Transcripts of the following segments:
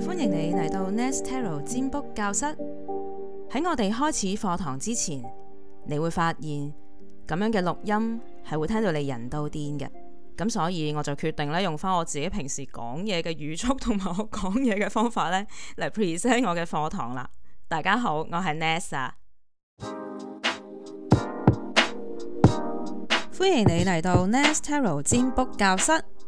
歡迎你嚟到 Nest Tarot 占卜教室。喺我哋開始課堂之前，你會發現咁樣嘅錄音係會聽到你人都癲嘅。咁所以我就決定咧用返我自己平時講嘢嘅語速同埋我講嘢嘅方法咧嚟 present 我嘅課堂啦。大家好，我係 Nesta。歡迎你嚟到 Nest Tarot 占卜教室。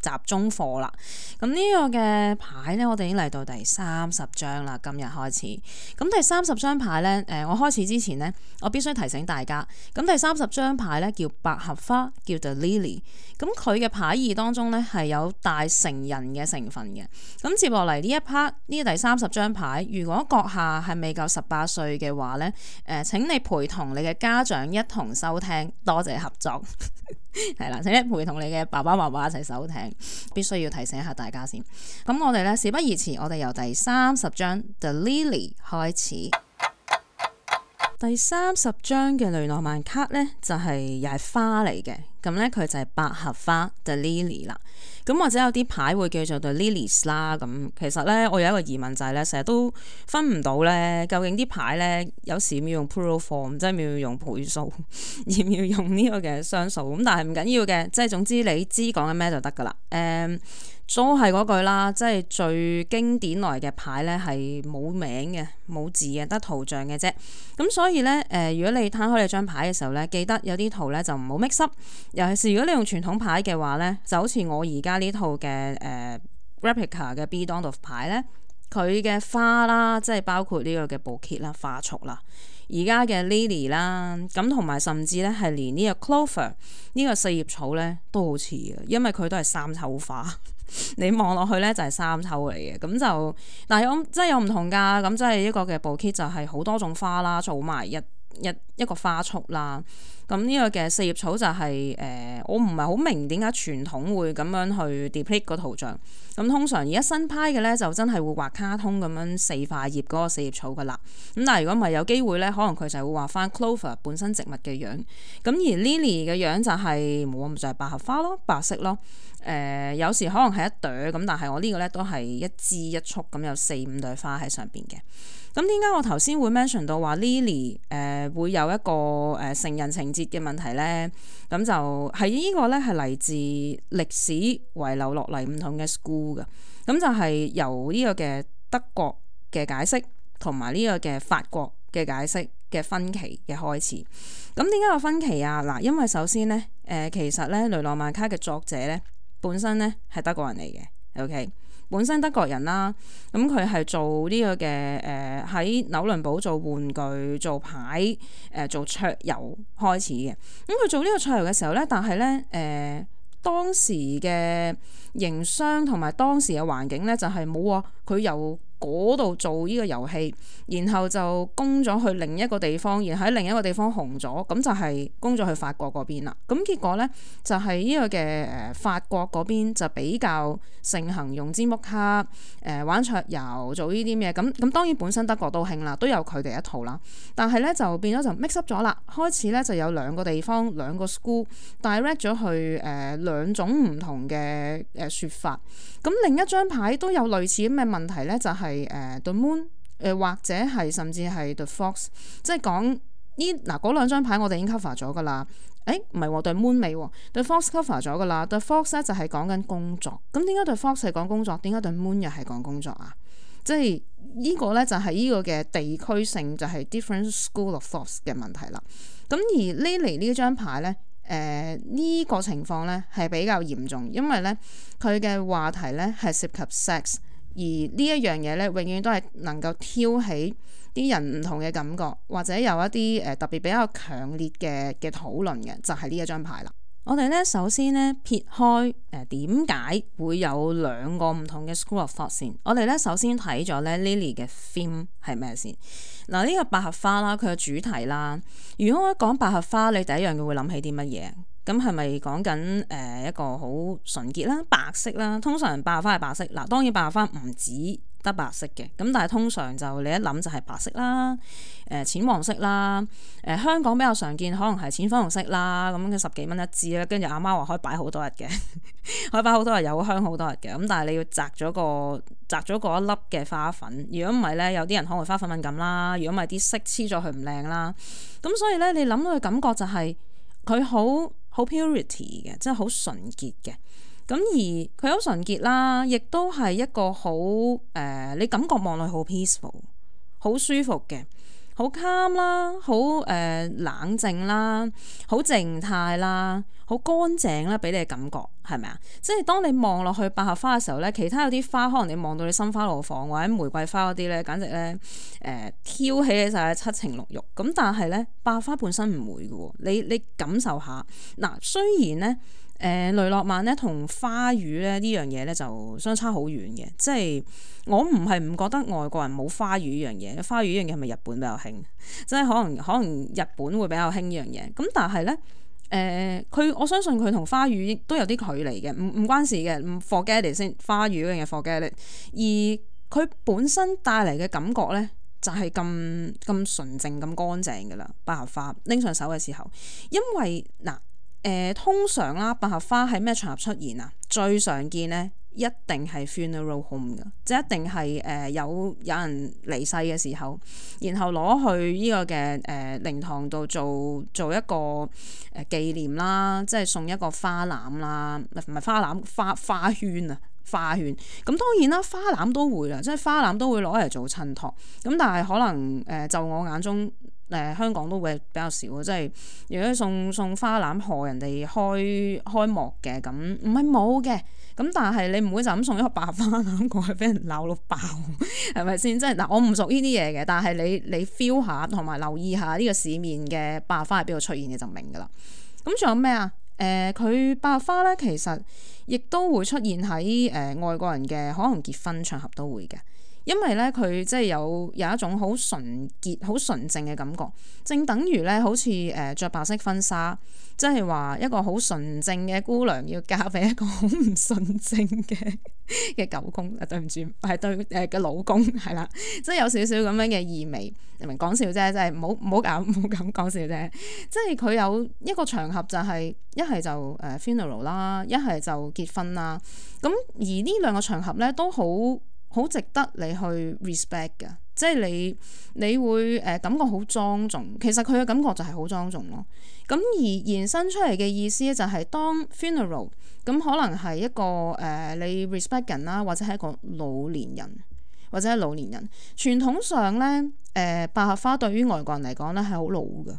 集中課啦，咁呢個嘅牌呢，我哋已經嚟到第三十張啦。今日開始，咁第三十張牌呢，誒、呃，我開始之前呢，我必須提醒大家，咁第三十張牌呢，叫百合花，叫做 Lily，咁佢嘅牌意當中呢，係有大成人嘅成分嘅。咁接落嚟呢一 part 呢，第三十張牌，如果閣下係未夠十八歲嘅話呢，誒、呃，請你陪同你嘅家長一同收聽，多謝合作。係啦，請一 陪同你嘅爸爸媽媽一齊收聽，必須要提醒一下大家先。咁我哋咧事不宜遲，我哋由第三十章 The Lily 開始。 第三十章嘅雷諾曼卡呢，就係、是、又係花嚟嘅。咁咧佢就係百合花 the lily 啦，咁或者有啲牌會叫做 the lilies 啦，咁其實咧我有一個疑問就係咧，成日都分唔到咧，究竟啲牌咧有時要用 plural form，即係要用倍數，而要用呢個嘅雙數，咁但係唔緊要嘅，即係總之你知講緊咩就得噶啦，誒、嗯。So, 係嗰句啦，即係最經典嘅牌係冇名嘅、冇字嘅、得圖像嘅啫。咁所以咧，誒、呃，如果你攤開你張牌嘅時候咧，記得有啲圖咧就唔好 mix up。尤其是如果你用傳統牌嘅話咧，就好似我而家、呃、呢套嘅誒 replica 嘅 B 當道牌咧，佢嘅花啦，即係包括呢個嘅布揭啦、花束啦。而家嘅 Lily 啦，咁同埋甚至咧係連呢個 clover 呢個四葉草咧都好似嘅，因為佢都係三抽花， 你望落去咧就係三抽嚟嘅咁就，但係有真係有唔同㗎，咁即係一個嘅 bouquet 就係好多種花啦，組埋一。一一個花束啦，咁呢個嘅四葉草就係、是、誒、呃，我唔係好明點解傳統會咁樣去 depict 個圖像。咁通常而家新派嘅咧，就真係會畫卡通咁樣四塊葉嗰個四葉草噶啦。咁但係如果唔係有機會咧，可能佢就會畫翻 clover 本身植物嘅樣。咁而 lily 嘅樣就係冇咁就係、是、百合花咯，白色咯。誒、呃，有時可能係一朵咁，但係我呢個咧都係一支一束咁，有四五朵花喺上邊嘅。咁點解我頭先會 mention 到話 Lily 誒會有一個誒、呃、成人情節嘅問題咧？咁就係呢個咧係嚟自歷史遺留落嚟唔同嘅 school 嘅，咁就係由呢個嘅德國嘅解釋同埋呢個嘅法國嘅解釋嘅分歧嘅開始。咁點解個分歧啊？嗱，因為首先咧，誒、呃、其實咧《雷諾曼卡》嘅作者咧本身咧係德國人嚟嘅，OK。本身德國人啦，咁佢係做呢個嘅誒，喺紐倫堡做玩具、做牌、誒、呃、做桌遊開始嘅。咁佢做呢個桌遊嘅時候咧，但係咧誒，當時嘅營商同埋當時嘅環境咧，就係冇話佢有。度做呢個遊戲，然後就供咗去另一個地方，然喺另一個地方紅咗，咁就係供咗去法國嗰邊啦。咁結果咧就係、是、呢個嘅誒法國嗰邊就比較盛行用詹木卡誒玩桌遊做呢啲咩，咁咁當然本身德國都興啦，都有佢哋一套啦。但係咧就變咗就 mix up 咗啦，開始咧就有兩個地方兩個 school direct 咗去誒兩、呃、種唔同嘅誒說法。咁另一張牌都有類似咁嘅問題咧，就係、是。係誒、呃、the moon 誒、呃、或者係甚至係 the fox，即係講呢嗱嗰兩張牌我哋已經 cover 咗噶啦。誒唔係喎 the moon 未喎 the fox cover 咗噶啦。the fox 咧就係講緊工作，咁點解 the fox 係講工作？點解 the moon 又係講工作啊？即係呢、這個咧就係呢個嘅地區性，就係、是、different school of thoughts 嘅問題啦。咁而 Lily 呢張牌咧，誒、呃、呢、這個情況咧係比較嚴重，因為咧佢嘅話題咧係涉及 sex。而呢一樣嘢咧，永遠都係能夠挑起啲人唔同嘅感覺，或者有一啲誒特別比較強烈嘅嘅討論嘅，就係呢一張牌啦。我哋咧首先咧撇開誒點解會有兩個唔同嘅 school of thought 先，我哋咧首先睇咗咧 Lily 嘅 theme 係咩先。嗱、這、呢個百合花啦，佢嘅主題啦。如果我講百合花，你第一樣嘢會諗起啲乜嘢？咁係咪講緊誒一個好純潔啦、白色，白，白，色白，白，色白色啦？通常百合花係白色嗱，當然百合花唔只得白色嘅，咁但係通常就你一諗就係白色啦、誒淺黃色啦、誒、呃、香港比較常見可能係淺粉紅色啦，咁佢十幾蚊一支咧，跟住阿媽話可以擺好多日嘅， 可以擺好多日，有香好多日嘅。咁但係你要摘咗個摘咗嗰一粒嘅花粉，如果唔係呢，有啲人可能會花粉敏感啦，如果唔係啲色黐咗佢唔靚啦，咁所以呢，你諗到嘅感覺就係佢好。好 purity 嘅，即係好純潔嘅。咁而佢好純潔啦，亦都係一個好誒、呃，你感覺望落去好 peaceful，好舒服嘅。好 calm 啦，好誒、呃、冷靜啦，好靜態啦，好乾淨啦，俾你嘅感覺係咪啊？即係當你望落去百合花嘅時候咧，其他有啲花可能你望到你心花怒放，或者玫瑰花嗰啲咧，簡直咧誒、呃、挑起你晒七情六欲。咁但係咧，百合花本身唔會嘅喎，你你感受下嗱，雖然咧。誒、呃、雷諾曼咧同花語咧呢樣嘢咧就相差好遠嘅，即係我唔係唔覺得外國人冇花語呢樣嘢，花語呢樣嘢係咪日本比較興？即係可能可能日本會比較興呢樣嘢，咁但係咧，誒佢我相信佢同花語都有啲距離嘅，唔唔關事嘅，唔 forget 先花語呢樣嘢 forget it。而佢本身帶嚟嘅感覺咧就係咁咁純正、咁乾淨㗎啦，百合花拎上手嘅時候，因為嗱。誒、呃、通常啦、啊，百合花喺咩場合出現啊？最常見咧，一定係 funeral home 嘅，即係一定係誒、呃、有有人離世嘅時候，然後攞去呢個嘅誒靈堂度做做一個誒、呃、紀念啦，即係送一個花籃啦，唔係花籃花花圈啊，花圈。咁、嗯、當然啦、啊，花籃都會啦，即係花籃都會攞嚟做襯托。咁但係可能誒、呃，就我眼中。誒、呃、香港都會比較少，即係如果送送花籃賀人哋開開幕嘅咁，唔係冇嘅，咁但係你唔會就咁送一個白花籃過去俾人鬧到爆，係咪先？即係嗱，我唔熟呢啲嘢嘅，但係你你 feel 下同埋留意下呢個市面嘅白花喺邊度出現嘅就明㗎啦。咁仲有咩啊？誒、呃，佢白花咧其實亦都會出現喺誒、呃、外國人嘅可能結婚場合都會嘅。因為咧，佢即係有有一種好純潔、好純正嘅感覺，正等於咧，好似誒著白色婚紗，即係話一個好純正嘅姑娘要嫁俾一個好唔純正嘅嘅 狗公啊！對唔住，係對誒嘅、呃、老公係啦，即係有少少咁樣嘅意味，明明？講笑啫，即係唔好唔好搞唔好咁講笑啫，即係佢有一個場合就係一係就誒 funeral 啦，一係就結婚啦，咁而呢兩個場合咧都好。好值得你去 respect 噶，即係你你會誒、呃、感覺好莊重，其實佢嘅感覺就係好莊重咯。咁而延伸出嚟嘅意思咧，就係當 funeral 咁，可能係一個誒、呃、你 respect 人啦，或者係一個老年人，或者係老年人。傳統上咧誒、呃、百合花對於外國人嚟講咧係好老噶。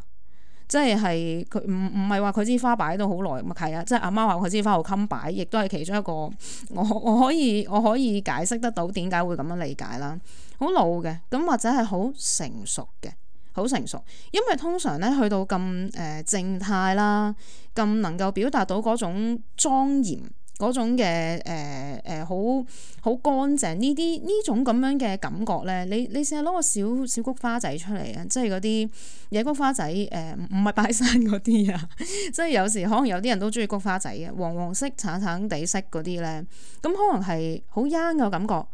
即係係佢唔唔係話佢支花擺到好耐咁啊，係啊，即係阿媽話佢支花好襟擺，亦都係其中一個我我可以我可以解釋得到點解會咁樣理解啦。好老嘅咁，或者係好成熟嘅，好成熟，因為通常咧去到咁，誒靜態啦，咁能夠表達到嗰種莊嚴。嗰種嘅誒誒好好乾淨呢啲呢種咁樣嘅感覺咧，你你試下攞個小小菊花仔出嚟啊，即係嗰啲野菊花仔誒，唔唔係拜山嗰啲啊， 即係有時可能有啲人都中意菊花仔嘅黃黃色橙橙地色嗰啲咧，咁可能係好 young 嘅感覺，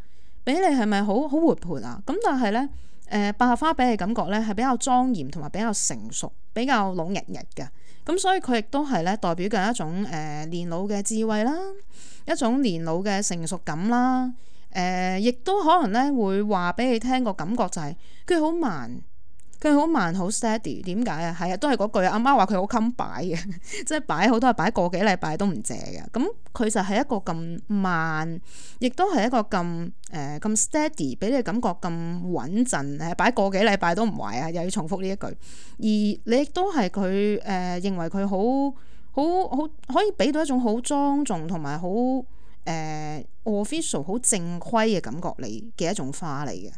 俾你係咪好好活潑啊？咁但係咧誒百合花俾你感覺咧係比較莊嚴同埋比較成熟，比較濃日日嘅。咁、嗯、所以佢亦都係咧代表嘅一種誒、呃、年老嘅智慧啦，一種年老嘅成熟感啦，誒、呃、亦都可能咧會話俾你聽個感覺就係佢好慢。佢好慢，好 steady，點解啊？係啊，都係嗰句啊。阿媽話佢好襟擺嘅，即係擺好多，擺個幾禮拜都唔借嘅。咁佢就係一個咁慢，亦都係一個咁誒咁 steady，俾你感覺咁穩陣。誒，擺個幾禮拜都唔壞啊，又要重複呢一句。而你亦都係佢誒認為佢好好好，可以俾到一種好莊重同埋好誒 official、好正規嘅感覺，你嘅一種花嚟嘅。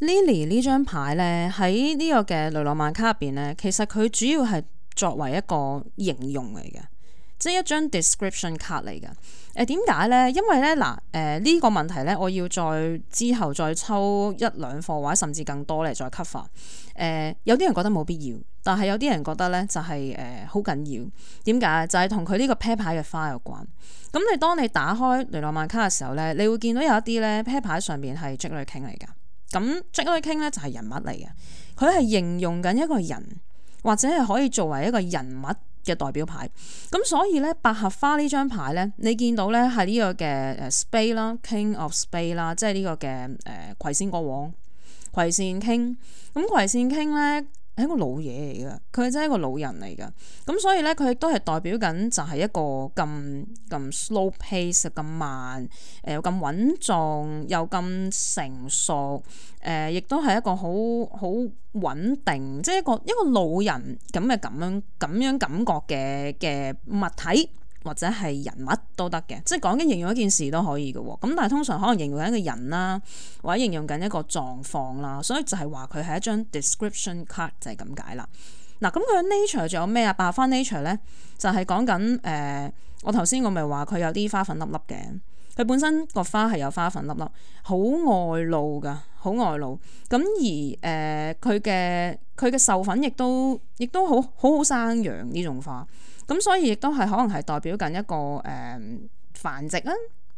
Lily 呢張牌呢，喺呢個嘅雷諾曼卡入邊呢，其實佢主要係作為一個形容嚟嘅，即係一張 description 卡嚟嘅。誒、呃，點解呢？因為咧嗱，誒呢、呃這個問題呢，我要再之後再抽一兩課或者甚至更多嚟再 cover。呃、有啲人覺得冇必要，但係有啲人覺得呢，就係誒好緊要。點解？就係同佢呢個 pair 牌嘅花有關。咁你當你打開雷諾曼卡嘅時候呢，你會見到有一啲呢 pair 牌上面係 Jack Queen King 嚟噶咁即係 king 咧，就係人物嚟嘅，佢係形容緊一個人或者係可以作為一個人物嘅代表牌。咁所以咧，百合花呢張牌咧，你見到咧係呢個嘅誒 spade 啦，king of spade 啦，即係呢個嘅誒葵扇國王。葵扇 king。咁葵扇 king 咧。係一個老嘢嚟噶，佢真係一個老人嚟噶。咁所以咧，佢亦都係代表緊就係一個咁咁 slow pace，咁慢，誒，又咁穩重，又咁成熟，誒、呃，亦都係一個好好穩定，即係一個一個老人咁嘅咁樣，咁樣感覺嘅嘅物體。或者係人物都得嘅，即係講緊形容一件事都可以嘅喎。咁但係通常可能形容緊一個人啦，或者形容緊一個狀況啦，所以就係話佢係一張 description card 就係咁解啦。嗱，咁佢 nature 仲有咩啊？百花 nature 咧就係講緊誒，我頭先我咪話佢有啲花粉粒粒嘅，佢本身個花係有花粉粒粒，好外露㗎，好外露。咁而誒佢嘅佢嘅受粉亦都亦都好好好生養呢種花。咁所以亦都係可能係代表緊一個誒、嗯、繁殖啦，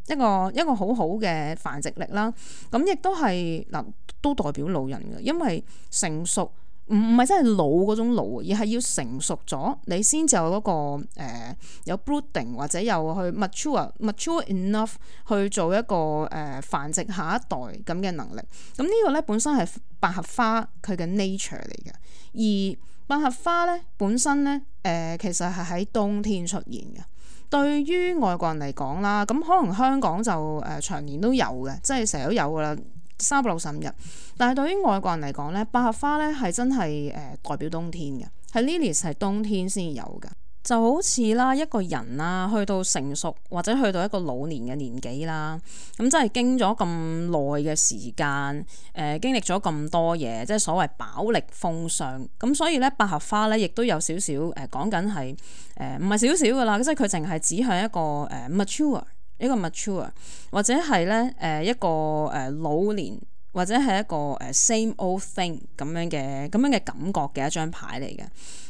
一個一個好好嘅繁殖力啦。咁亦都係嗱、呃、都代表老人嘅，因為成熟。唔唔係真係老嗰種老，而係要成熟咗，你先就有嗰個誒、呃、有 brooding 或者又去 mature mature enough 去做一個誒、呃、繁殖下一代咁嘅能力。咁、嗯這個、呢個咧本身係百合花佢嘅 nature 嚟嘅。而百合花咧本身咧誒、呃、其實係喺冬天出現嘅。對於外國人嚟講啦，咁可能香港就誒長、呃、年都有嘅，即係成日都有噶啦。三百六十五日，但係對於外國人嚟講咧，百合花咧係真係誒代表冬天嘅，係 Lilies 係冬天先有嘅，就好似啦一個人啦，去到成熟或者去到一個老年嘅年紀啦，咁真係經咗咁耐嘅時間，誒、呃、經歷咗咁多嘢，即係所謂飽歷風霜，咁所以咧百合花咧亦都有少少誒講緊係誒唔係少少噶啦，即係佢淨係指向一個誒、呃、mature。一個 mature 或者係咧誒一個誒老年或者係一個誒 same old thing 咁樣嘅咁樣嘅感覺嘅一張牌嚟嘅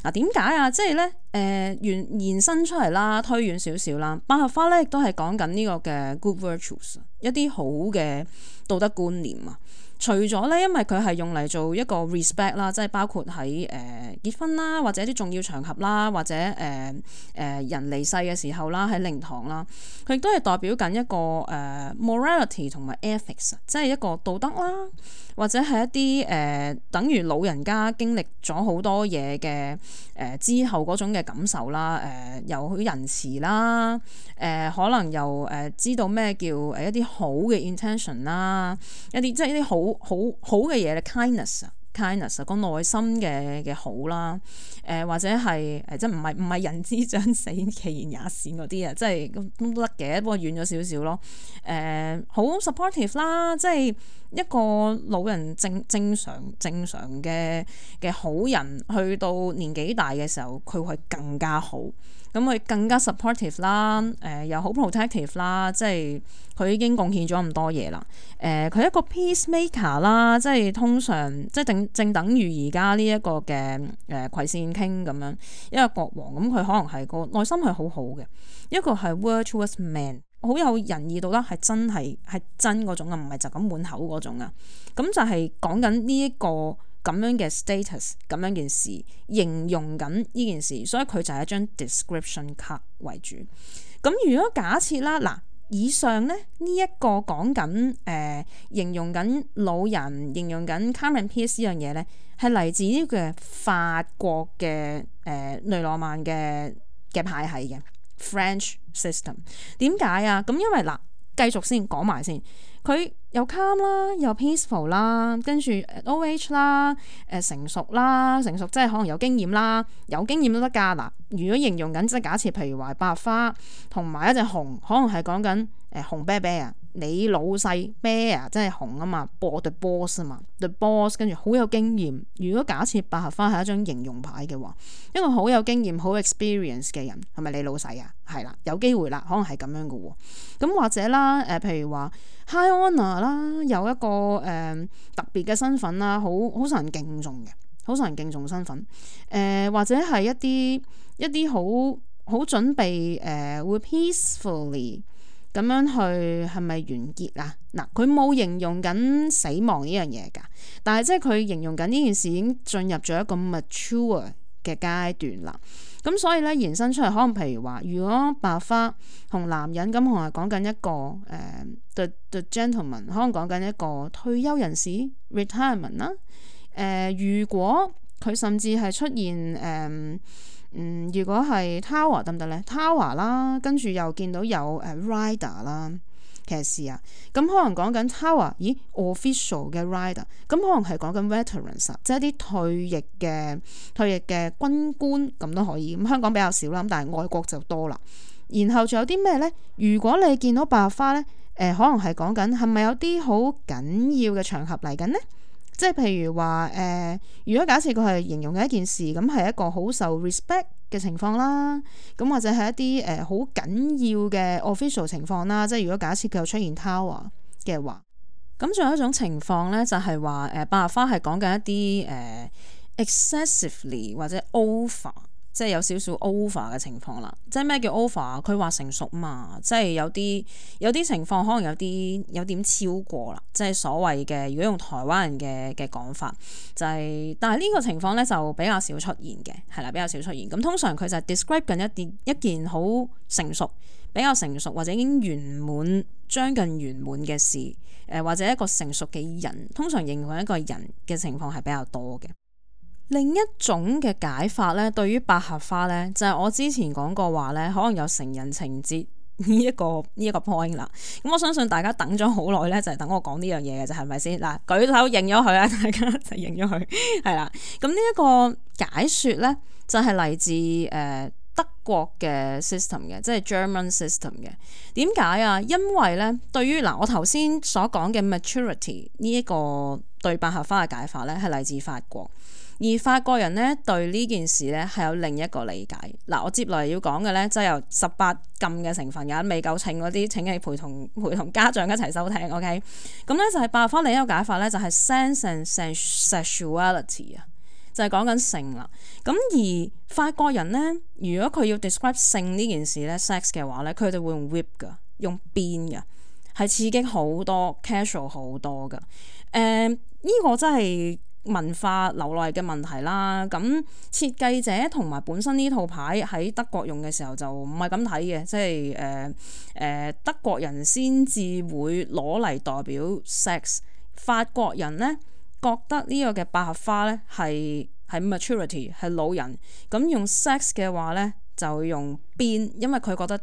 嗱點解啊即係咧誒延延伸出嚟啦推遠少少啦百合花咧亦都係講緊呢個嘅 good virtues 一啲好嘅道德觀念啊。除咗咧，因為佢係用嚟做一個 respect 啦，即係包括喺誒、呃、結婚啦，或者啲重要場合啦，或者誒誒、呃、人離世嘅時候啦，喺靈堂啦，佢亦都係代表緊一個誒、呃、morality 同埋 ethics，即係一個道德啦，或者係一啲誒、呃、等於老人家經歷咗好多嘢嘅誒之後嗰種嘅感受啦，誒有好仁慈啦，誒、呃、可能又誒、呃、知道咩叫誒一啲好嘅 intention 啦，就是、一啲即係一啲好。好，好好嘅嘢咧，kindness，kindness，個 kind 內心嘅嘅好啦，誒、呃、或者係誒即係唔係唔係人之將死其言也善嗰啲啊，即係都得嘅，不過遠咗少少咯，誒、呃、好 supportive 啦，即係一個老人正正常正常嘅嘅好人，去到年紀大嘅時候，佢會更加好。咁佢更加 supportive 啦、呃，誒又好 protective 啦，即係佢已經貢獻咗咁多嘢啦，誒佢一個 peacemaker 啦，即係通常即係正正等於而家呢一個嘅誒葵扇傾咁樣，一個國王咁佢可能係個內心係好好嘅，一個係 virtuous man，好有仁義度啦，係真係，係真嗰種啊，唔係就咁滿口嗰種啊，咁就係講緊呢一個。咁樣嘅 status，咁樣件事，形容緊呢件事，所以佢就係一張 description card 為主。咁如果假設啦，嗱，以上咧呢一個講緊誒，形容緊老人，形容緊 common piece 呢樣嘢咧，係嚟自呢個法國嘅誒內羅曼嘅嘅派系嘅 French system。點解啊？咁因為嗱。繼續先講埋先，佢又 calm 啦，又 peaceful 啦，跟住 oh 啦、呃，成熟啦，成熟即係可能有經驗啦，有經驗都得㗎嗱。如果形容緊即係假設，譬如話白花同埋一隻熊，可能係講緊誒熊啤啤啊。呃你老細咩啊？Bear，真係紅啊嘛，博對 boss 啊嘛，對 boss 跟住好有經驗。如果假設百合花係一張形容牌嘅話，一個好有經驗、好 experience 嘅人係咪你老細啊？係啦，有機會啦，可能係咁樣嘅喎、哦。咁或者啦，誒、呃、譬如話 high honour 啦，有一個誒、呃、特別嘅身份啦，好好受人敬重嘅，好受人敬重身份。誒、呃、或者係一啲一啲好好準備誒、呃、會 peacefully。咁樣去係咪完結啊？嗱，佢冇形容緊死亡呢樣嘢噶，但係即係佢形容緊呢件事已經進入咗一個 mature 嘅階段啦。咁、嗯、所以咧延伸出嚟，可能譬如話，如果白花同男人咁同係講緊一個誒、呃、the the gentleman，可能講緊一個退休人士 retirement 啦。誒、呃，如果佢甚至係出現誒。呃嗯，如果係 tower 得唔得咧？tower 啦，跟住又見到有誒 rider 啦，騎士啊，咁、嗯、可能講緊 tower，咦，official 嘅 rider，咁、嗯、可能係講緊 veterans，即係啲退役嘅退役嘅軍官，咁都可以。咁香港比較少啦，但係外國就多啦。然後仲有啲咩咧？如果你見到白花咧，誒、呃，可能係講緊係咪有啲好緊要嘅場合嚟緊咧？即係譬如話，誒、呃，如果假設佢係形容嘅一件事，咁係一個好受 respect 嘅情況啦，咁或者係一啲誒好緊要嘅 official 情況啦。即係如果假設佢有出現 tower 嘅話，咁仲有一種情況咧，就係話誒百合花係講緊一啲誒、呃、excessively 或者 over。即係有少少 over 嘅情況啦，即係咩叫 over 佢話成熟嘛，即係有啲有啲情況可能有啲有點超過啦，即係所謂嘅如果用台灣人嘅嘅講法，就係、是，但係呢個情況咧就比較少出現嘅，係啦，比較少出現。咁通常佢就係 describe 緊一啲一件好成熟、比較成熟或者已經圓滿、將近圓滿嘅事，誒、呃、或者一個成熟嘅人，通常形容一個人嘅情況係比較多嘅。另一種嘅解法咧，對於百合花咧，就係、是、我之前講過話咧，可能有成人情節呢一個呢一、這個 point 啦。咁我相信大家等咗好耐咧，就係、是、等我講呢樣嘢嘅，就係咪先？嗱，舉手認咗佢啊！大家就認咗佢係啦。咁呢一個解説咧，就係嚟自誒德國嘅 system 嘅，即係 German system 嘅。點解啊？因為咧，對於嗱我頭先所講嘅 maturity 呢一個對百合花嘅解法咧，係嚟自法國。而法國人咧對呢件事咧係有另一個理解。嗱，我接落嚟要講嘅咧就由十八禁嘅成分，有啲未夠秤嗰啲請你陪同陪同家長一齊收聽，OK？咁、嗯、咧就係白話翻另一個解法咧，就係 sense and sexuality 啊，就係講緊性啦。咁而法國人咧，如果佢要 describe 性呢件事咧 sex 嘅話咧，佢哋會用 whip 㗎，用鞭㗎，係刺激好多 casual 好多㗎。誒、嗯、呢、這個真係～文化流內嘅問題啦，咁設計者同埋本身呢套牌喺德國用嘅時候就唔係咁睇嘅，即係誒誒德國人先至會攞嚟代表 sex，法國人咧覺得呢個嘅百合花咧係係 maturity 係老人，咁用 sex 嘅話咧就用邊，因為佢覺得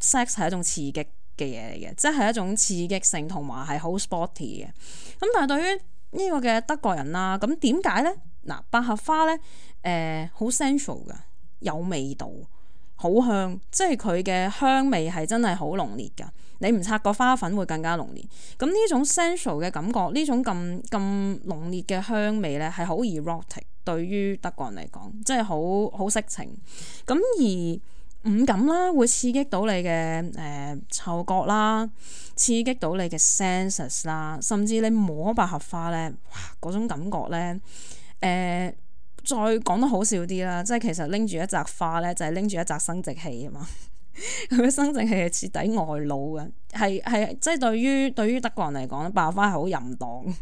sex 係一種刺激嘅嘢嚟嘅，即係一種刺激性同埋係好 sporty 嘅，咁但係對於，呢個嘅德國人啦，咁點解呢？嗱，百合花呢，誒、呃，好 sensual 噶，有味道，好香，即係佢嘅香味係真係好濃烈嘅。你唔拆個花粉會更加濃烈。咁呢種 sensual 嘅感覺，呢種咁咁濃烈嘅香味呢，係、er、好 erotic，對於德國人嚟講，即係好好色情。咁而五感啦，會刺激到你嘅誒嗅覺啦，刺激到你嘅 senses 啦，甚至你摸百合花咧，哇嗰種感覺咧，誒、呃、再講得好笑啲啦，即係其實拎住一扎花咧，就係拎住一紮生殖器啊嘛，佢嘅生殖器係徹底外露嘅，係係即係對於對於德國人嚟講，百合花係好淫蕩，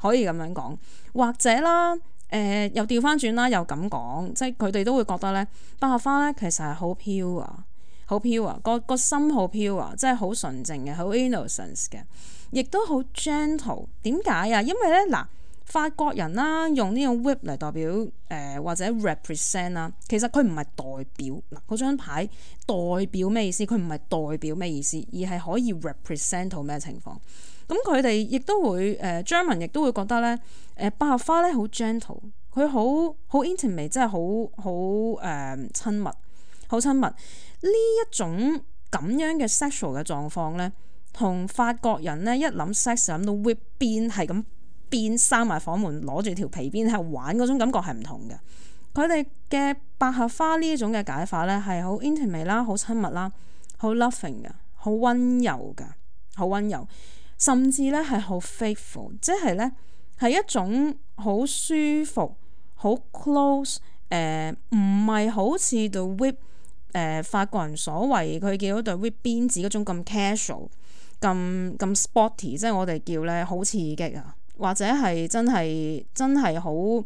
可以咁樣講，或者啦。誒又調返轉啦，又咁講，即係佢哋都會覺得咧，百合花咧其實係好飄啊，好飄啊，個個心好飄啊，即係好純淨嘅，好 innocence 嘅，亦都好 gentle。點解啊？因為咧嗱，法國人啦，用呢種 whip 嚟代表誒、呃、或者 represent 啦，其實佢唔係代表。嗱，嗰張牌代表咩意思？佢唔係代表咩意思，而係可以 represent 到咩情況？咁佢哋亦都會，誒，呃，German 亦都會覺得咧，誒，百合花咧好 gentle，佢好好 intimate，即係好好誒親密，好親密。呢一種咁樣嘅 sexual 嘅狀況咧，同法國人咧一諗 sex 諗到 whip 鞭係咁鞭，閂埋房門攞住條皮鞭喺度玩嗰種感覺係唔同嘅。佢哋嘅百合花呢種嘅解法咧係好 intimate 啦，好親密啦，好 loving 噶，好溫柔噶，好溫柔。甚至咧係好 faithful，即係咧係一種好舒服、好 close、呃。誒、呃，唔係好似對 whip 誒法國人所謂佢叫嗰對 whip 鞭子嗰種咁 casual、咁咁 sporty，即係我哋叫咧好刺激啊，或者係真係真係好誒。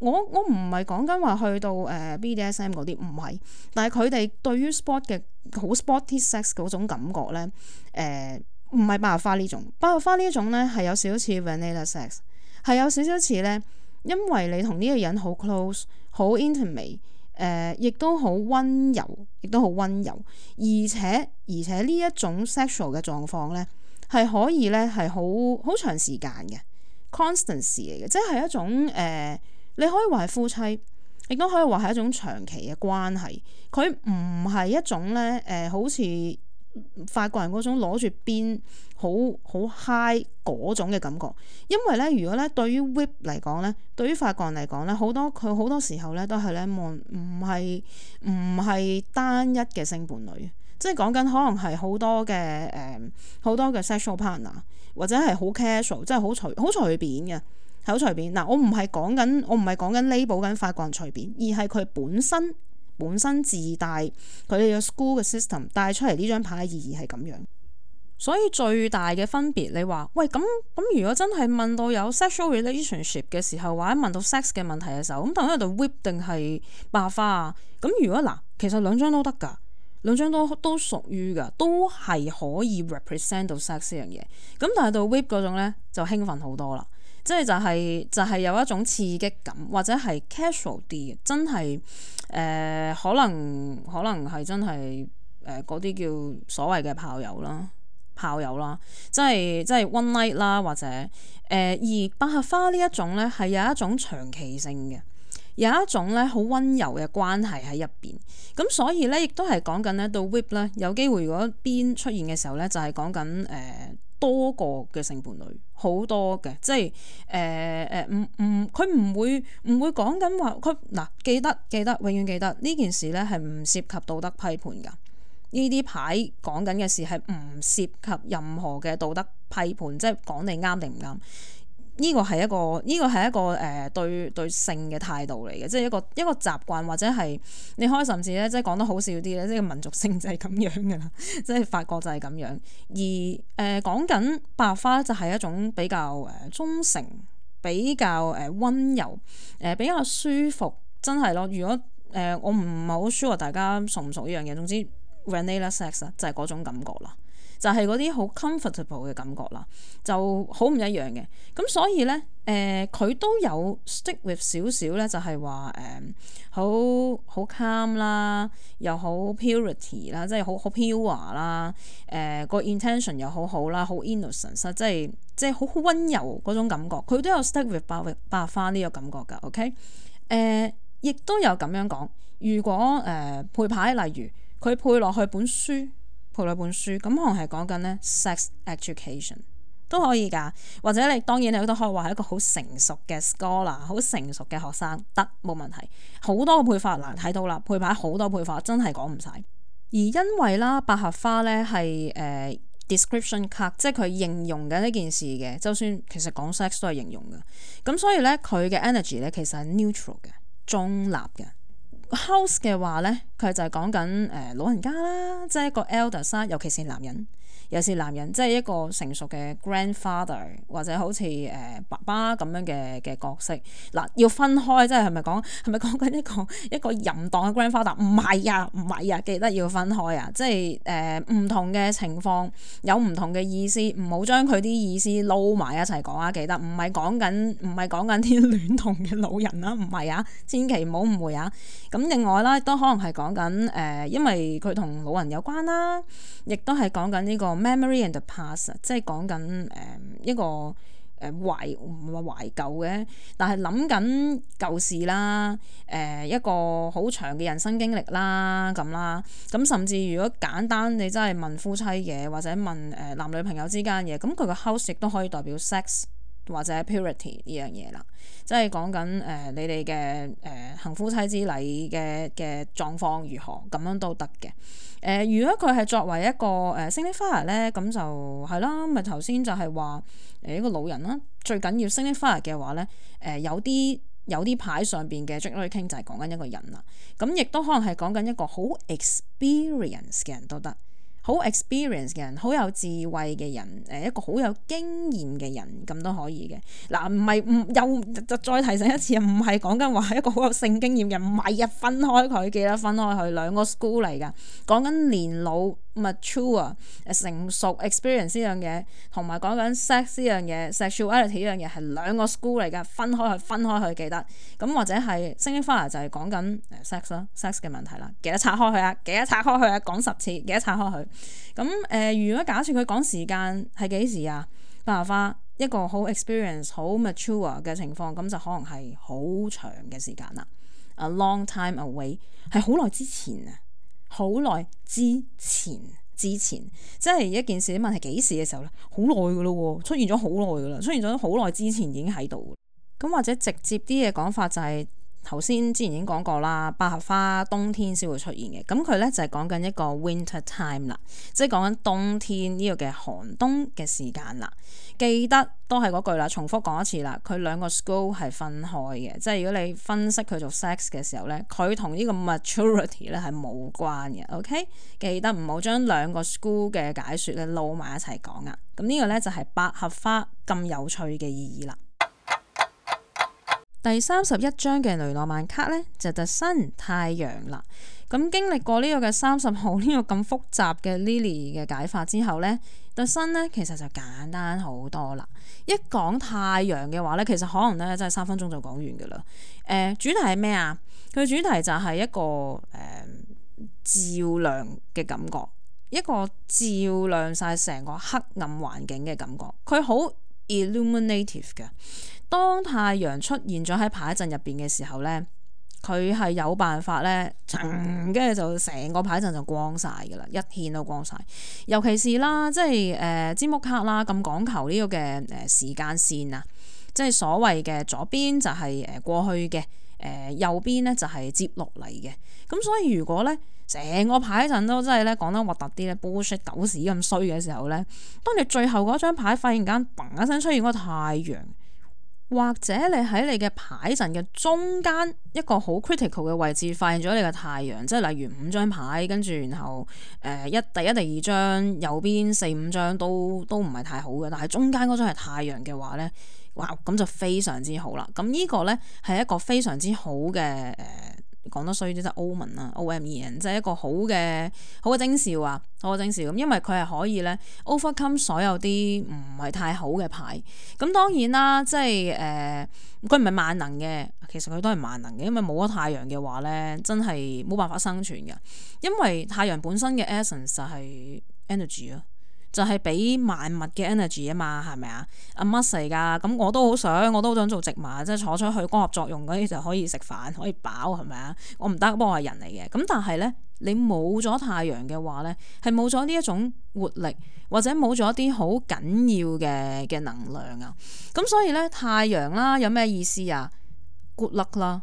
我我唔係講緊話去到誒 BDSM 嗰啲，唔、呃、係，但係佢哋對於 sport 嘅好 sporty sex 嗰種感覺咧，誒、呃。唔係百合花呢種，百合花呢種咧係有少少似 vanilla sex，係有少少似咧，因為你同呢個人好 close、呃、好 intimate，誒亦都好溫柔，亦都好溫柔，而且而且呢一種 sexual 嘅狀況咧係可以咧係好好長時間嘅 constancy 嚟嘅，即係一種誒、呃，你可以話係夫妻，亦都可以話係一種長期嘅關係。佢唔係一種咧誒、呃，好似。法國人嗰種攞住邊好好 high 嗰種嘅感覺，因為咧，如果咧，對於 whip 嚟講咧，對於法國人嚟講咧，好多佢好多時候咧都係咧，唔唔係唔係單一嘅性伴侶，即係講緊可能係好多嘅誒，好多嘅 sexual partner 或者係好 casual，即係好隨好隨便嘅，好隨便。嗱，我唔係講緊，我唔係講緊 label 緊法國人隨便，而係佢本身。本身自帶佢哋嘅 school 嘅 system 帶出嚟呢張牌嘅意義係咁樣，所以最大嘅分別你話，喂，咁咁如果真係問到有 sexual relationship 嘅時候，或者問到 sex 嘅問題嘅時候，咁同佢度 whip 定係爆花啊？咁如果嗱，其實兩張都得㗎，兩張都都屬於㗎，都係可以 represent 到 sex 呢樣嘢，咁但係到 whip 嗰種呢就興奮好多啦。即係就係就係有一種刺激感，或者係 casual 啲嘅，真係誒、呃、可能可能係真係誒嗰啲叫所謂嘅炮友啦，炮友啦，即係即係 one night 啦，或者誒、呃、而百合花呢一種咧係有一種長期性嘅，有一種咧好溫柔嘅關係喺入邊，咁所以咧亦都係講緊咧到 web 咧有機會如果邊出現嘅時候咧就係講緊誒。呃多個嘅性伴侶，好多嘅，即係誒誒，唔、呃、唔，佢、嗯、唔、嗯、會唔會講緊話，佢嗱記得記得，永遠記得呢件事咧係唔涉及道德批判㗎。呢啲牌講緊嘅事係唔涉及任何嘅道德批判，即係講你啱定唔啱。呢個係一個，呢、這個係一個誒、呃、對對性嘅態度嚟嘅，即係一個一個習慣或者係你可以甚至咧，即係講得好笑啲咧，即係民族性就係咁樣噶啦，即係法國就係咁樣。而誒講緊白花就係一種比較誒忠誠、比較誒温柔、誒、呃、比較舒服，真係咯。如果誒、呃、我唔係好舒話，大家熟唔熟呢樣嘢？總之 vanilla sex 就係嗰種感覺啦。就係嗰啲好 comfortable 嘅感覺啦，就好唔一樣嘅咁，所以咧誒，佢、呃、都有 stick with 少少咧，就係話誒好好 calm 啦，又好 purity 啦，即係好好 pure 啦，誒個 intention 又好好啦，好 innocent，即係即係好好温柔嗰種感覺，佢都有 stick with 白玉白花呢個感覺㗎。OK 誒、呃，亦都有咁樣講。如果誒、呃、配牌，例如佢配落去本書。佢兩本書，咁可能係講緊呢 sex education 都可以㗎，或者你當然你都可以話係一個好成熟嘅 student，好成熟嘅學生得冇問題，好多個配法嗱睇到啦，配牌好多配法，配法，多配法真係講唔晒。而因為啦百合花呢係誒、呃、description card，即係佢形容緊呢件事嘅，就算其實講 sex 都係形容嘅，咁所以呢，佢嘅 energy 呢其實係 neutral 嘅中立嘅。house 嘅話呢，佢就係講緊誒老人家啦，即係一個 elder 啦，尤其是男人。有時男人，即係一個成熟嘅 grandfather 或者好似誒、呃、爸爸咁樣嘅嘅角色嗱，要分開，即係係咪講係咪講緊一個一個淫蕩嘅 grandfather？唔係啊，唔係啊，記得要分開啊！即係誒唔同嘅情況有唔同嘅意思，唔好將佢啲意思撈埋一齊講啊！記得唔係講緊唔係講緊啲戀童嘅老人啦，唔係啊，千祈唔好誤會啊！咁另外啦，都可能係講緊誒，因為佢同老人有關啦，亦都係講緊呢個。Memory and the past，即係講緊誒一個誒懷懷舊嘅，但係諗緊舊事啦，誒一個好長嘅人生經歷啦咁啦，咁甚至如果簡單你真係問夫妻嘅或者問誒男女朋友之間嘅，咁佢個 house 亦都可以代表 sex。或者 purity 呢樣嘢啦，即係講緊誒你哋嘅誒行夫妻之禮嘅嘅狀況如何咁樣都得嘅。誒、呃、如果佢係作為一個誒 signifier 咧，咁、呃、就係啦，咪頭先就係話誒一個老人啦。最緊要 signifier 嘅話咧，誒、呃、有啲有啲牌上邊嘅 joker king 就係講緊一個人啦。咁亦都可能係講緊一個好 experience 嘅人都得。好 experience 嘅人，好有智慧嘅人，誒一個好有經驗嘅人咁都可以嘅。嗱，唔係，唔又再提醒一次，唔係講緊話一個好有性經驗嘅人，唔係啊，分開佢，記得分開佢兩個 school 嚟噶，講緊年老。咁啊 t r e 啊，mature, 成熟 experience 呢樣嘢，同埋講緊 sex 呢樣嘢，sexuality 呢樣嘢係兩個 school 嚟噶，分開去，分開去記得。咁或者係性別 f l 就係講緊 sex 啦，sex 嘅問題啦，記得拆開佢啊。記得拆開佢啊。講十次記得拆開佢。咁、呃、誒，如果假設佢講時間係幾時啊？白花花一個好 experience，好 mature 嘅情況，咁就可能係好長嘅時間啦，a long time away 係好耐之前啊。好耐之前，之前，即係一件事。你問係幾時嘅時候咧？好耐噶啦喎，出現咗好耐噶啦，出現咗好耐之前已經喺度。咁或者直接啲嘅講法就係、是。頭先之前已經講過啦，百合花冬天先會出現嘅，咁佢呢就係講緊一個 winter time 啦，即係講緊冬天呢個嘅寒冬嘅時間啦。記得都係嗰句啦，重複講一次啦，佢兩個 school 係分開嘅，即係如果你分析佢做 sex 嘅時候呢，佢同呢個 maturity 呢係冇關嘅。OK，記得唔好將兩個 school 嘅解説咧撈埋一齊講啊。咁呢個呢就係百合花咁有趣嘅意義啦。第三十一章嘅雷諾曼卡咧就係特新太陽啦。咁經歷過呢個嘅三十號呢個咁複雜嘅 Lily 嘅解法之後咧，特新咧其實就簡單好多啦。一講太陽嘅話咧，其實可能咧真係三分鐘就講完噶啦。誒、呃，主題係咩啊？佢主題就係一個誒、呃、照亮嘅感覺，一個照亮晒成個黑暗環境嘅感覺。佢好 illuminative 嘅。當太陽出現咗喺牌陣入邊嘅時候咧，佢係有辦法咧，跟住就成個牌陣就光晒㗎喇，一天都光晒。尤其是,是、呃、啦，即係誒，詹姆斯啦咁講求呢個嘅誒時間線啊，即係所謂嘅左邊就係誒過去嘅，誒、呃、右邊咧就係接落嚟嘅。咁所以如果咧成個牌陣都即係咧講得核突啲咧，push 出狗屎咁衰嘅時候咧，當你最後嗰張牌發現間嘣一聲出現嗰個太陽。或者你喺你嘅牌陣嘅中間一個好 critical 嘅位置發現咗你嘅太陽，即係例如五張牌，跟住然後誒、呃、一第一地張、第二張右邊四五張都都唔係太好嘅，但係中間嗰張係太陽嘅話呢，哇咁就非常之好啦！咁呢個呢，係一個非常之好嘅誒。呃講得衰啲即係 omen 啊，O M E N 即係一個好嘅好嘅徵兆啊，好嘅徵兆咁，因為佢係可以咧 overcome 所有啲唔係太好嘅牌。咁當然啦，即係誒佢唔係萬能嘅，其實佢都係萬能嘅，因為冇咗太陽嘅話咧，真係冇辦法生存㗎，因為太陽本身嘅 essence 就係 energy 啊。就係俾萬物嘅 energy 啊嘛，係咪啊？乜嚟噶？咁我都好想，我都好想做植物，即係坐出去光合作用嗰啲就可以食飯，可以飽係咪啊？我唔得，不過我係人嚟嘅。咁但係咧，你冇咗太陽嘅話咧，係冇咗呢一種活力，或者冇咗啲好緊要嘅嘅能量啊。咁所以咧，太陽啦，有咩意思啊？Good luck 啦！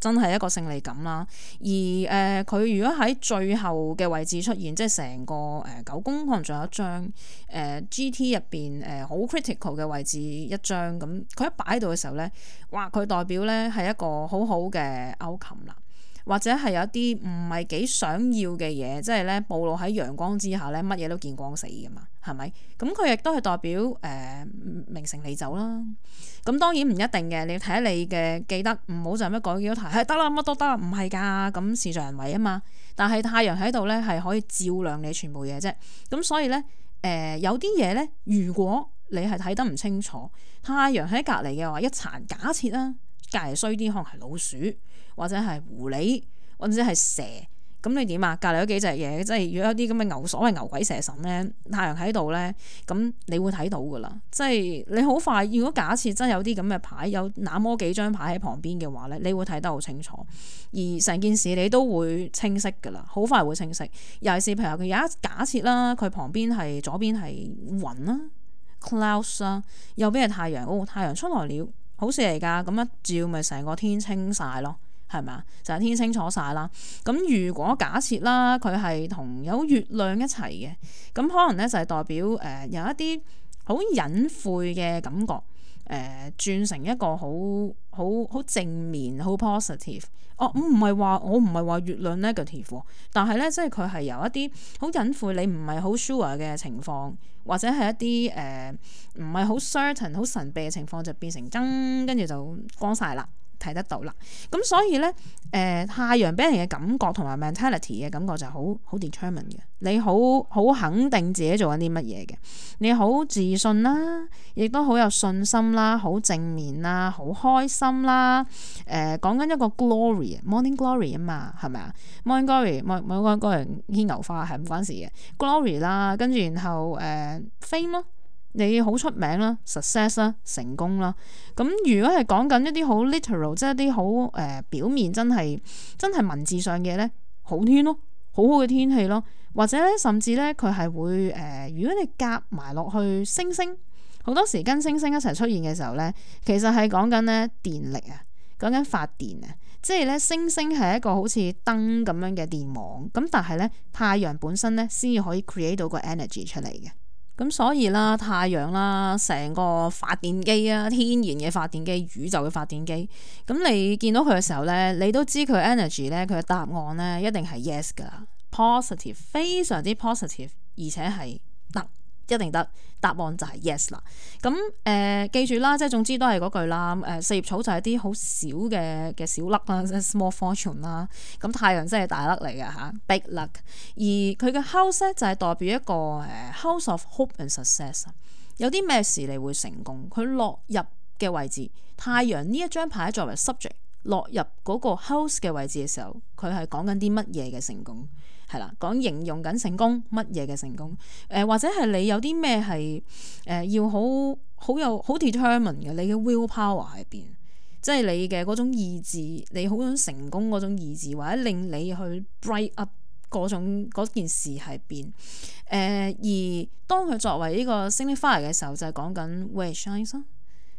真係一個勝利感啦，而誒佢、呃、如果喺最後嘅位置出現，即係成個誒、呃、九宮可能仲有一張誒、呃、GT 入邊誒好、呃、critical 嘅位置一張，咁，佢一擺度嘅時候咧，哇！佢代表咧係一個好好嘅歐琴啦。或者係有一啲唔係幾想要嘅嘢，即係咧暴露喺陽光之下咧，乜嘢都見光死噶嘛，係咪？咁佢亦都係代表誒名、呃、成利就啦。咁當然唔一定嘅，你要睇下你嘅記得唔好就乜改幾多題得、哎、啦，乜都得啦唔係㗎。咁事在人為啊嘛，但係太陽喺度咧係可以照亮你全部嘢啫。咁所以咧誒、呃、有啲嘢咧，如果你係睇得唔清楚，太陽喺隔離嘅話一殘假設啦，隔離衰啲可能係老鼠。或者係狐狸，或者係蛇，咁你點啊？隔離有幾隻嘢，即係如果有啲咁嘅牛所謂牛鬼蛇神咧，太陽喺度咧，咁你會睇到噶啦。即係你好快，如果假設真有啲咁嘅牌，有那麼幾張牌喺旁邊嘅話咧，你會睇得好清楚，而成件事你都會清晰噶啦。好快會清晰。尤其是譬如佢有一假設啦，佢旁邊係左邊係雲啦，clouds 啦，laus，右邊係太陽、哦，太陽出來了，好事嚟㗎。咁一照咪成個天清晒咯。係咪？就係、是、天清楚晒啦。咁如果假設啦，佢係同有月亮一齊嘅，咁可能咧就係代表誒、呃、有一啲好隱晦嘅感覺，誒、呃、轉成一個好好好正面、好 positive。哦、啊，唔係話我唔係話月亮 negative，但係咧即係佢係由一啲好隱晦、你唔係好 sure 嘅情況，或者係一啲誒唔係好 certain、好、呃、神秘嘅情況，就變成增，跟住就光晒啦。睇得到啦，咁所以咧，誒、呃、太陽俾人嘅感覺同埋 mentality 嘅感覺就好好 determined 嘅，你好好肯定自己做緊啲乜嘢嘅，你好自信啦，亦都好有信心啦，好正面啦，好開心啦，誒講緊一個 glory，Morning glory morning glory 啊嘛，係咪啊？morning glory，morning glory 牽牛花係唔關事嘅 glory 啦，跟住然後、呃、fame 咯。你好出名啦，success 啦，成功啦。咁如果係講緊一啲好 literal，即係一啲好誒表面真係真係文字上嘅嘢，好天咯、啊，好好嘅天氣咯、啊。或者咧，甚至咧佢係會誒、呃，如果你夾埋落去星星，好多時跟星星一齊出現嘅時候咧，其實係講緊咧電力啊，講緊發電啊，即係咧星星係一個好似燈咁樣嘅電網，咁但係咧太陽本身咧先至可以 create 到個 energy 出嚟嘅。咁所以啦，太陽啦，成個發電機啊，天然嘅發電機，宇宙嘅發電機。咁你見到佢嘅時候呢，你都知佢 energy 呢，佢嘅答案呢，一定係 yes 㗎喇，positive，非常之 positive，而且係得。一定得，答案就係 yes 啦。咁、嗯、誒、呃，記住啦，即係總之都係嗰句啦。誒、呃，四葉草就係啲好小嘅嘅小粒啦，即 small fortune 啦。咁太陽真係大粒嚟嘅嚇，big luck。而佢嘅 house 就係代表一個誒 house of hope and success，有啲咩事你會成功。佢落入嘅位置，太陽呢一張牌作為 subject 落入嗰個 house 嘅位置嘅時候，佢係講緊啲乜嘢嘅成功？係啦，講形容緊成功乜嘢嘅成功，誒、呃、或者係你有啲咩係誒要好好有好 determined 嘅，你嘅 willpower 喺邊，即係你嘅嗰種意志，你好想成功嗰種意志，或者令你去 break up 嗰種嗰件事喺邊，誒、呃、而當佢作為呢個 signifier 嘅時候，就係講緊 which one。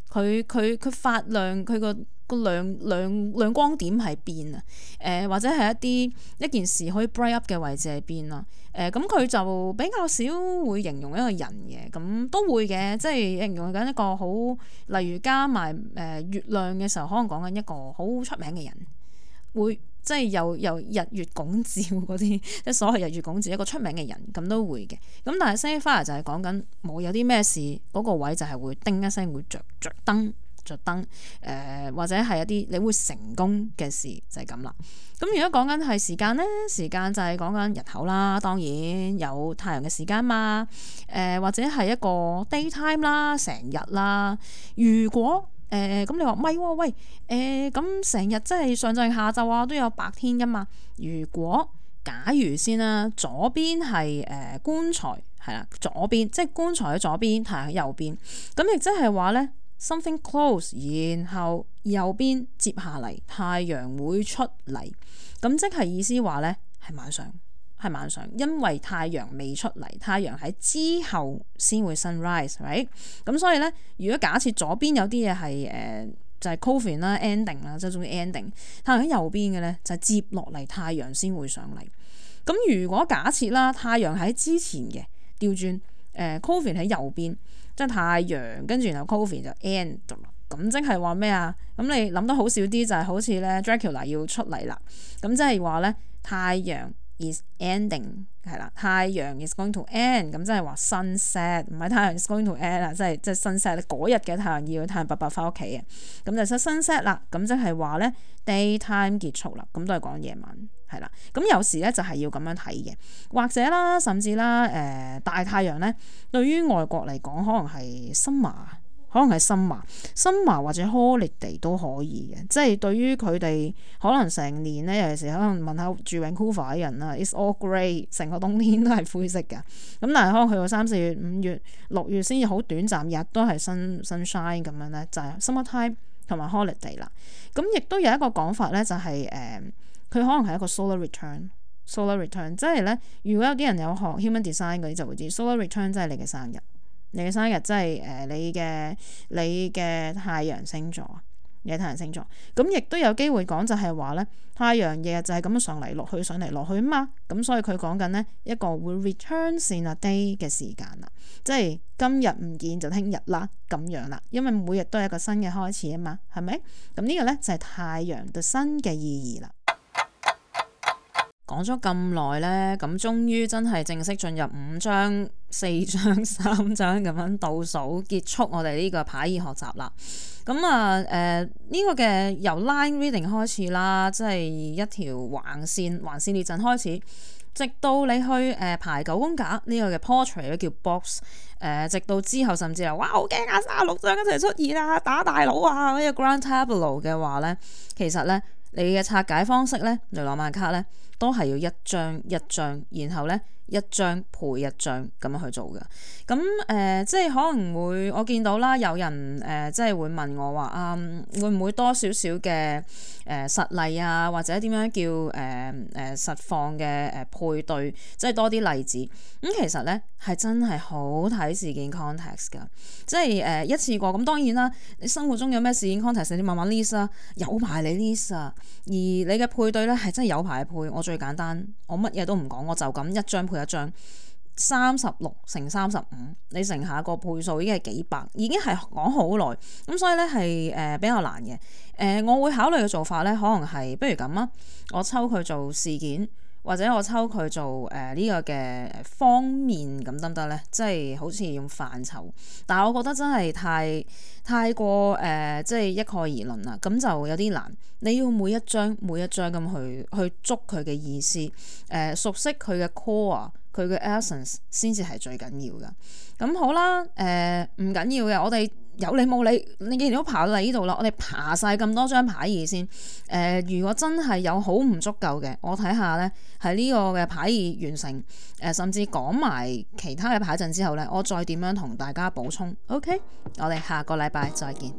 佢佢佢發亮佢個個亮亮亮光點喺邊啊？誒、呃、或者係一啲一件事可以 bright up 嘅位置喺邊啊？誒、咁佢就比較少會形容一個人嘅，咁都會嘅，即係形容緊一個好，例如加埋誒、呃、月亮嘅時候，可能講緊一個好出名嘅人。會即係又又日月拱照嗰啲，即所謂日月拱照一個出名嘅人咁都會嘅。咁但係 signifier 就係講緊冇有啲咩事，嗰、那個位就係會叮一聲會着著燈著燈。誒、呃、或者係一啲你會成功嘅事就係咁啦。咁如果講緊係時間咧，時間就係講緊日頭啦，當然有太陽嘅時間嘛。誒、呃、或者係一個 daytime 啦，成日啦。如果誒咁、嗯、你話咪喎？喂，誒咁成日即係上晝下晝啊，都有白天噶嘛。如果假如先啦、啊，左邊係誒、呃、棺材係啦、啊，左邊即係棺材喺左邊，係喺右邊。咁亦即係話呢，something close，然後右邊接下嚟太陽會出嚟，咁即係意思話呢，係晚上。係晚上，因為太陽未出嚟，太陽喺之後先會 sunrise、right? i 咁所以呢，如果假設左邊有啲嘢係誒，就係 coffin 啦，ending 啦，即係總之 ending。太陽喺右邊嘅呢，就係接落嚟太陽先會上嚟。咁如果假設啦，太陽喺之前嘅，調轉誒 coffin 喺右邊，即係太陽跟住然後 coffin 就 end，咁即係話咩啊？咁你諗得好少啲就係、是、好似呢 Dracula 要出嚟啦。咁即係話呢，太陽。Is ending 係啦，太陽 is going to end 咁即係話 sunset，唔係太陽 is going to end 啦，即係即係 sunset 咧，嗰日嘅太陽要太陽伯伯翻屋企嘅，咁就出 sunset 啦，咁即係話咧 daytime 結束啦，咁都係講夜晚係啦，咁有時咧就係要咁樣睇嘅，或者啦，甚至啦，誒、呃、大太陽咧，對於外國嚟講可能係 summer 可能係森華、森華或者 holiday 都可以嘅，即係對於佢哋可能成年咧，有陣時可能問，問下住 Vancouver 啲人啦，It's all grey 成個冬天都係灰色嘅。咁但係可能去到三四月、五月、六月先至好短暫，日都係 sun sunshine 咁樣咧，就係 summer time 同埋 holiday 啦。咁亦都有一個講法咧、就是，就係誒，佢可能係一個 return, solar return，solar return，即係咧，如果有啲人有學 human design 嗰啲就會知，solar return 即係你嘅生日。你嘅生日即係誒、呃，你嘅你嘅太陽星座，你嘅太陽星座，咁亦都有機會講就係話咧，太陽日就係咁樣上嚟落去，上嚟落去啊嘛，咁所以佢講緊咧一個會 return in a day 嘅時間啦，即係今日唔見就聽日啦，咁樣啦，因為每日都係一個新嘅開始啊嘛，係咪？咁呢個咧就係太陽對新嘅意義啦。講咗咁耐呢，咁終於真係正式進入五張、四張、三張咁樣倒數結束我哋呢個牌意學習啦。咁、嗯、啊，誒、呃、呢、這個嘅由 line reading 開始啦，即係一條橫線橫線列陣開始，直到你去誒、呃、排九宮格呢個嘅 portrait 都叫 box 誒、呃，直到之後甚至係哇好驚啊，三十六張一齊出現啦、啊，打大佬啊，呢、這個 grand tableau 嘅話呢，其實呢，你嘅拆解方式呢，雷諾曼卡呢。都係要一張一張，然後咧一張配一張咁樣去做嘅。咁、嗯、誒、呃，即係可能會我見到啦，有人誒、呃、即係會問我話啊，會唔會多少少嘅誒實例啊，或者點樣叫誒誒、呃、實況嘅誒配對，即係多啲例子？咁、嗯、其實咧係真係好睇事件 context 㗎，即係誒、呃、一次過。咁當然啦，你生活中有咩事件 context，你慢慢 list 啊，有排你 list 啊。而你嘅配對咧係真係有排配我。最簡單，我乜嘢都唔講，我就咁一張配一張，三十六乘三十五，你乘下個倍數已經係幾百，已經係講好耐咁，所以咧係誒比較難嘅誒、呃，我會考慮嘅做法咧，可能係不如咁啊，我抽佢做事件。或者我抽佢做誒呢、呃呢個嘅方面咁得唔得呢？即係好似用範疇，但係我覺得真係太太過誒、呃，即係一概而論啦，咁就有啲難。你要每一章每一章咁去去捉佢嘅意思，誒、呃、熟悉佢嘅 core 佢嘅 essence 先至係最緊要㗎。咁好啦，誒唔緊要嘅，我哋。有你冇理，你既然都爬到嚟呢度啦，我哋爬晒咁多張牌義先。誒、呃，如果真係有好唔足夠嘅，我睇下呢，喺呢個嘅牌義完成，誒、呃，甚至講埋其他嘅牌陣之後呢，我再點樣同大家補充。OK，我哋下個禮拜再見。